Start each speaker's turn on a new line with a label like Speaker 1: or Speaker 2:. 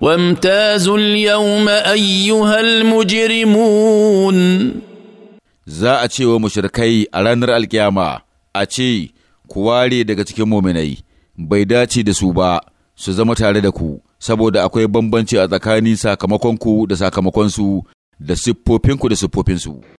Speaker 1: وامتازوا اليوم أيها المجرمون
Speaker 2: za a ce wa mushrikai a ranar alkiyama a ce ku ware daga cikin muminai bai dace da su ba su zama tare da ku saboda akwai bambanci a tsakanin sakamakonku da sakamakonsu da siffofinku da siffofinsu